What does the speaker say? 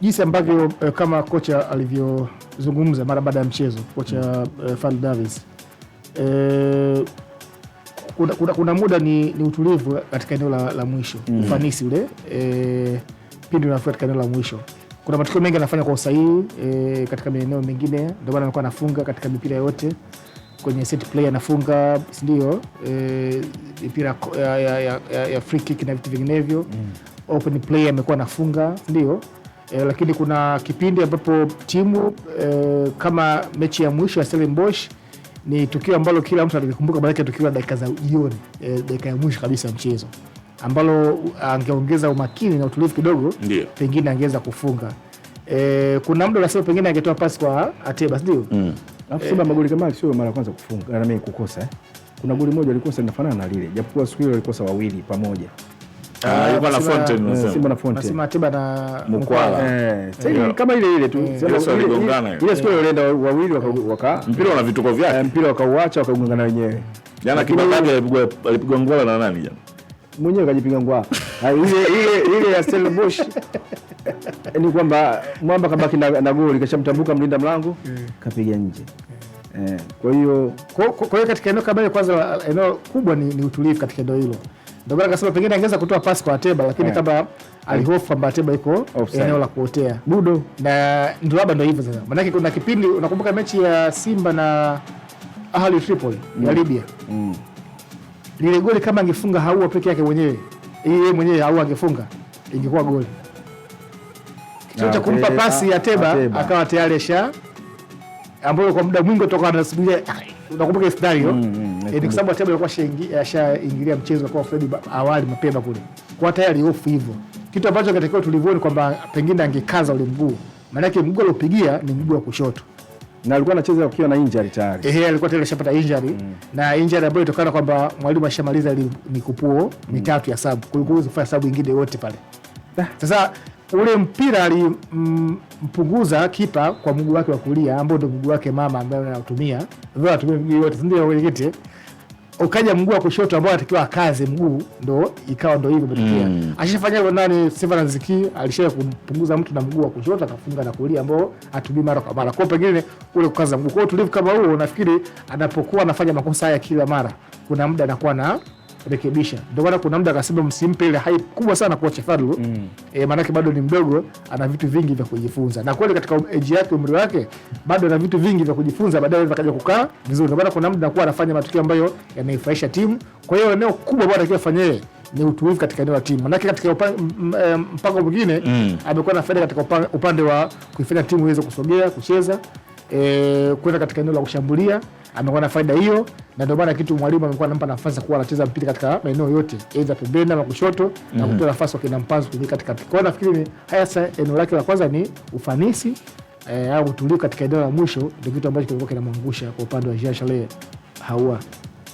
Jinsi ambavyo eh, kama kocha alivyozungumza mara baada ya mchezo kocha mm. Fan eh, Davis uh, eh, kuna, kuna, kuna muda ni, ni utulivu katika eneo la, la mwisho mm. ufanisi ule e, pindi unafika katika eneo la mwisho, kuna matukio mengi anafanya kwa usahihi e, katika maeneo mengine, ndio maana anakuwa anafunga katika mipira yote kwenye set play anafunga, sindio? E, mipira ya, ya, ya, ya free kick na vitu vinginevyo mm open play amekuwa anafunga ndio e, lakini kuna kipindi ambapo timu e, kama mechi ya mwisho ya Stellenbosch ni tukio ambalo kila mtu alikumbuka, maanake tukio la dakika za jioni e, dakika ya mwisho kabisa ya mchezo ambalo uh, angeongeza umakini na utulivu kidogo, pengine angeweza kufunga. E, kuna muda unasema pengine angetoa pasi kwa Atebas ndio mm. Simba magoli kama sio mara ya kwanza kufunga na mimi kukosa. Kuna goli moja alikosa linafanana na lile, japokuwa siku hiyo alikosa wawili pamoja. Ah, ah, eh, eh. kama ile ile tu eh. ile siku walienda wawili waka mpira una vituko vyake, mpira wakauacha wakagongana wenyewe. Jana Kibakaji alipigwa ngwala na nani jana? Mwenyewe kajipiga ngwala ah, ile ya Stellenbosch ni kwamba mwamba kabaki na goli, kashamtambuka mlinda mlango kapiga nje. Kwa hiyo kwa hiyo katika eneo kabla kwanza, eneo kubwa ni utulivu katika eneo hilo. Ndio maana akasema pengine angeweza kutoa pasi kwa Ateba, lakini yeah. kama alihofu kwamba Ateba iko eneo la kuotea budo, na ndio labda ndio hivyo sasa. Maanake kuna kipindi unakumbuka mechi ya Simba na Ahli Tripoli mm. ya Libya mm. lile goli kama angefunga Haua peke yake mwenyewe, yeye mwenyewe Haua angefunga ingekuwa goli kitu cha kumpa pasi Ateba, Teba akawa tayari sha ambayo kwa muda mwingi toka anasubiria ah, unakumbuka ile scenario mm, mm, mm, eh, ni kwa sababu Ateba alikuwa ashaingilia mchezo kwa Fred awali mapema kule, kwa tayari hofu hivyo, kitu ambacho katakiwa tulivyoni kwamba pengine angekaza ule mguu, maana yake mguu aliopigia ni mguu wa kushoto na alikuwa anacheza akiwa na injury tayari. Ehe, alikuwa tayari ashapata injury mm. na injury ambayo ilitokana kwamba mwalimu ashamaliza ile mikupuo mitatu mm. ya sabu, kulikuwa kufanya sabu nyingine yote pale. Ah. Sasa ule mpira alimpunguza mm, kipa kwa mguu wake wa kulia ambao ndio mguu wake mama ambaye anatumia anatumia miguu yote, ndio wenyekiti. Ukaja mguu wa kushoto ambao anatakiwa akaze mguu, ndo ikawa ndo hivyo imetokea. mm. Ashafanya hivyo nani, Steven Ziki alishaye kumpunguza mtu na mguu wa kushoto akafunga na kulia, ambao atumii mara kwa mara, kwa pengine ule kukaza mguu. Kwa utulivu kama huo, nafikiri anapokuwa anafanya makosa haya kila mara, kuna muda anakuwa na rekebisha. Ndio maana kuna muda akasema msimpe ile hype kubwa sana kocha Fadlu mm. E, maanake bado ni mdogo, ana vitu vingi vya kujifunza, na kweli katika age yake, umri wake, bado ana vitu vingi vya kujifunza, baadaye anaweza kaja kukaa vizuri. Ndio maana kuna muda anakuwa anafanya matukio ambayo yanaifurahisha timu. Kwa hiyo eneo kubwa bado anatakiwa afanyie ni utulivu katika eneo la timu, manake katika eh, mpango mwingine mm. amekuwa na faida katika upande wa kuifanya timu iweze kusogea kucheza e, kwenda katika eneo la kushambulia amekuwa na faida hiyo, na ndio maana kitu mwalimu amekuwa anampa nafasi ya kuwa anacheza mpira katika maeneo yote, aidha pembeni ama kushoto mm -hmm. na mhm. kutoa nafasi wakina mpanzo kuingia katika Kwa hiyo nafikiri haya sasa, eneo lake la kwanza ni ufanisi e, au utulivu katika eneo la mwisho, ndio kitu ambacho kilikuwa kinamwangusha kwa upande wa Jean Charles Ahoua.